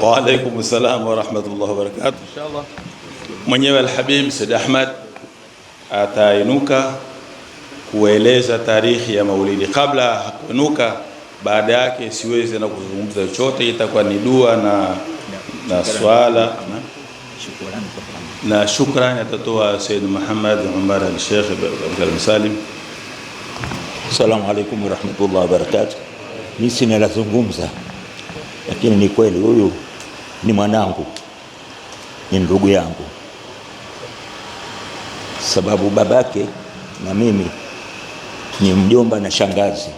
Wa alaikum salam wa rahmatullahi wa barakatuh. Inshallah mwenyewe Alhabib Said Ahmad atainuka kueleza tarikhi ya maulidi. Kabla hakuinuka, baada yake siwezi na kuzungumza chochote, itakuwa ni dua na na swala na shukrani atatoa Said Muhammad Umar al-Sheikh al-Salim. Assalamu alaykum wa rahmatullahi wa barakatuh. Mimi sina la kuzungumza lakini ni kweli, huyu ni mwanangu, ni ndugu yangu, sababu babake na mimi ni mjomba na shangazi.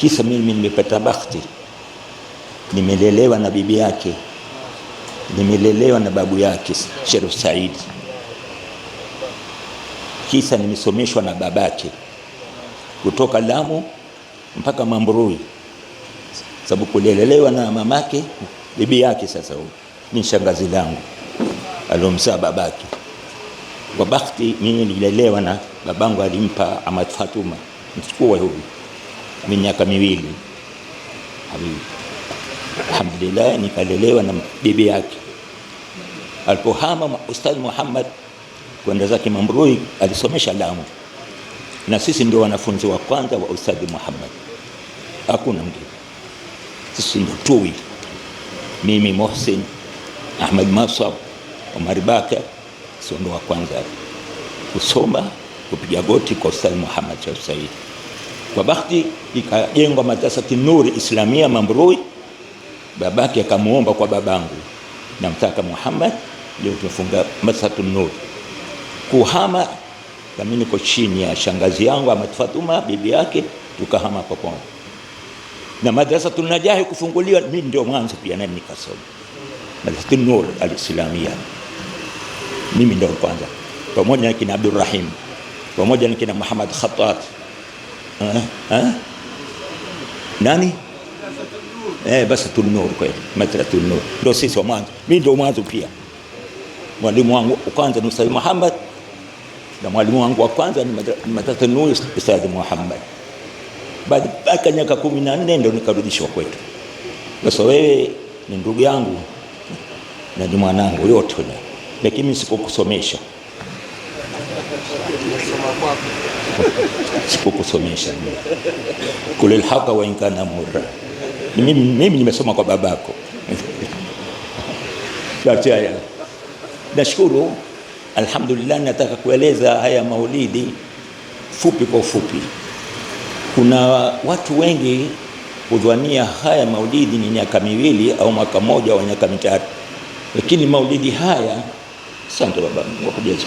Kisa mimi nimepata bahati, nimelelewa na bibi yake, nimelelewa na babu yake Sherif Said. Kisa nimesomeshwa na babake kutoka Lamu mpaka Mambrui sababu kulelelewa na mamake bibi yake, sasa huyo ni shangazi langu alomzaa babake. Kwa bakti mimi nililelewa na babangu, alimpa Ahmad Fatuma, mchukua huyu miaka miwili habibi. Alhamdulillah, nikalelewa na bibi yake. Alipohama Ustadh Muhammad kwenda zake Mambrui, alisomesha Lamu na sisi ndio wanafunzi wa kwanza wa Ustadh Muhammad, hakuna mwingine Sijutui mimi Mohsin Ahmad Masab Omar Baka, sio wa kwanza kusoma kupiga goti kwa Ustadh Muhammad Sharif Said. Kwa bahati ikajengwa madrasa Nuri Islamia Mambrui, babake akamuomba kwa babangu, namtaka Muhammad, ndio tufunga madrasa Nuri kuhama kami, niko chini ya shangazi yangu Ahmad Fatuma, bibi yake, tukahama kwa pamoja na madrasa tunajahi kufunguliwa, mimi ndio mwanzo pia nami nikasoma madrasatun nur alislamia, mimi ndio kwanza, pamoja na kina Abdurrahim, pamoja na kina Muhammad Khattat eh, eh? nani eh, basi tunur kweli, madrasatun nur ndio sisi wa mwanzo, mimi ndio mwanzo pia. Mwalimu wangu wa kwanza ni Said Muhammad na mwalimu wangu wa kwanza ni madrasatun nur Ustadh Muhammad bali mpaka miaka kumi na nne ndo nikarudishwa kwetu. Sasa wewe ni ndugu yangu na ni mwanangu yote, lakini sikukusomesha sikukusomesha kulil haka wa inkana mura mimi nimesoma kwa babako. Nashukuru, alhamdulillah. Nataka kueleza haya maulidi fupi kwa fupi. Kuna watu wengi hudhania haya maulidi ni miaka miwili au mwaka mmoja au miaka mitatu, lakini maulidi haya. Asante baba Mungu akujaze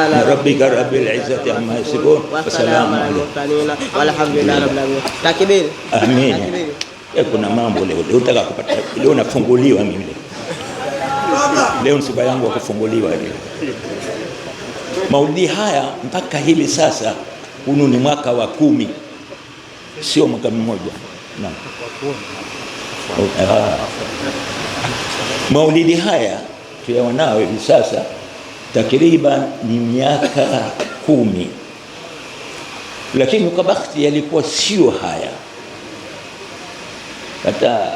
سبحان ربك رب العزة عما يصفون وسلام على والحمد لله رب العالمين تكبير امين kuna mambo leo leo nataka kupata leo nafunguliwa mimi leo leo msiba yangu wakufunguliwa leo maulidi haya mpaka hivi sasa hunu ni mwaka wa kumi sio mwaka mmoja ah. maulidi haya tuyaonao hivi sasa takriban ni miaka kumi, lakini makabati yalikuwa sio haya. Hata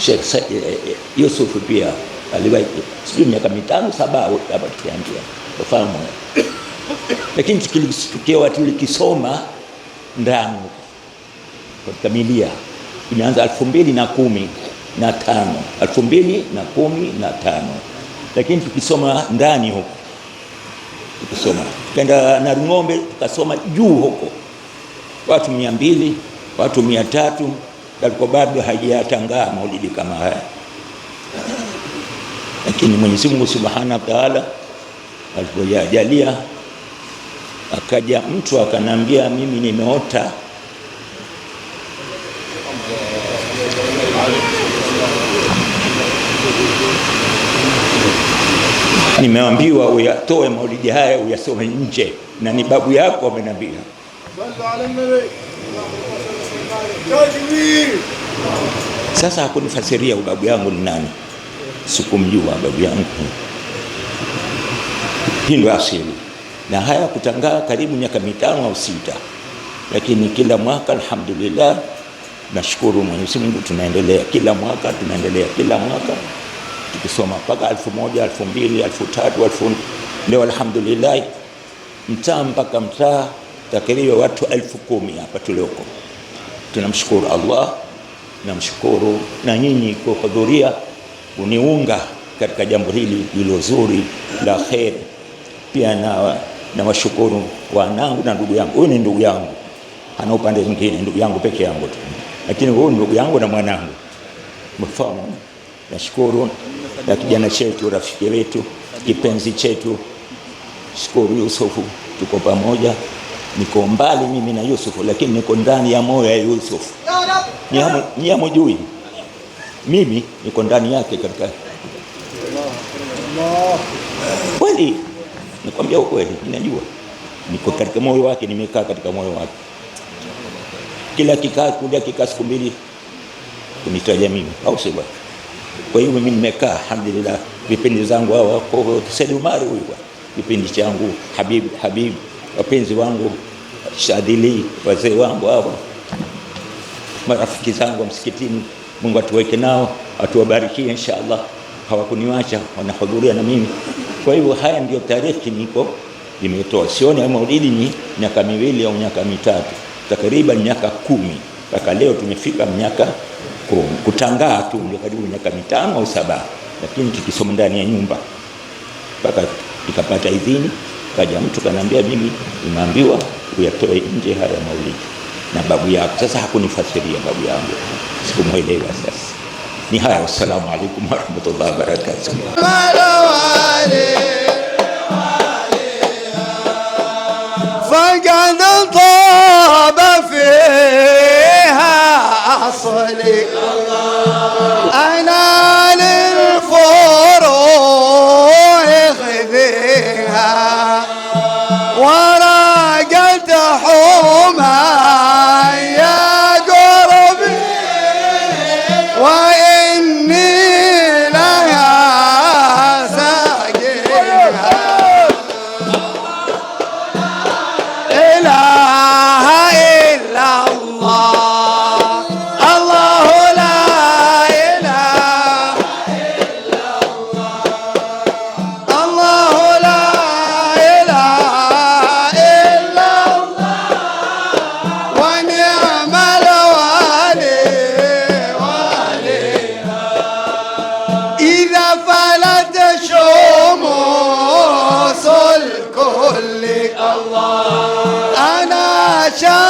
Sheikh eh, eh, Yusuf pia aliwahi sijui miaka mitano saba hapa tukiambia ufahamu, lakini tukiwa tulikisoma ndangu katika milia imeanza elfu mbili na kumi na tano elfu mbili na kumi na tano lakini tukisoma ndani huko, tukisoma tukaenda na Rung'ombe tukasoma juu huko, watu mia mbili watu mia tatu alikuwa bado hajatangaa maulidi kama haya, lakini Mwenyezi Mungu Subhanahu wa Ta'ala alipojalia akaja mtu akanambia, mimi nimeota nimeambiwa uyatoe maulidi haya uyasome nje, na ni babu yako amenambia. Sasa hakunifasiria ubabu yangu ni nani, sikumjua babu yangu. Hii ndo asili, na haya kutangaa karibu miaka mitano au sita, lakini kila mwaka alhamdulillah, nashukuru Mwenyezi Mungu, tunaendelea kila mwaka, tunaendelea kila mwaka tukisoma mpaka elfu moja elfu mbili elfu tatu elfu leo alhamdulillah, mtaa mpaka mtaa takriban watu elfu kumi hapa tulioko. Tunamshukuru Allah, namshukuru na nyinyi kwa kuhudhuria kuniunga katika jambo hili lilo zuri la kheri. Pia na na nawashukuru wanangu na ndugu yangu. Huyu ni ndugu yangu, ana upande mwingine, ndugu yangu peke yangu tu, lakini huyu ndugu yangu na mwanangu, mfahamu Nashukuru na kijana chetu, rafiki wetu, kipenzi chetu Shukuru Yusufu, tuko pamoja. Niko mbali mimi na Yusufu, lakini niko ndani ya moyo ya Yusufu. Ni hamujui mimi niko ndani yake katika kweli, nakwambia ukweli, ninajua niko katika moyo wake, nimekaa katika moyo wake. Kila kikaa kulia kikaa siku mbili kunitaja mimi, au sio bwana? Kwa hiyo mimi nimekaa alhamdulillah, vipindi zangu hao wako Said Umar huyu kipindi changu Habib Habib, wapenzi wangu Shadili, wazee wangu hao, marafiki zangu wa msikitini, Mungu atuweke nao atuwabarikie, inshallah. Hawakuniwacha, wanahudhuria na mimi. Kwa hiyo haya ndio tarehe niko nimetoa, sioni maulidi ni miaka miwili au miaka mitatu, takriban miaka kumi mpaka leo tumefika miaka kutangaa tu ndio karibu miaka mitano au saba, lakini tukisoma ndani ya nyumba mpaka tukapata idhini, kaja mtu kanaambia, mimi unaambiwa uyatoe nje haya maulidi na babu yako. Sasa hakunifasiria babu yangu, sikumwelewa. Sasa ni haya, wassalamu alaikum warahmatullahi wabarakatuh. চাইলে 아샤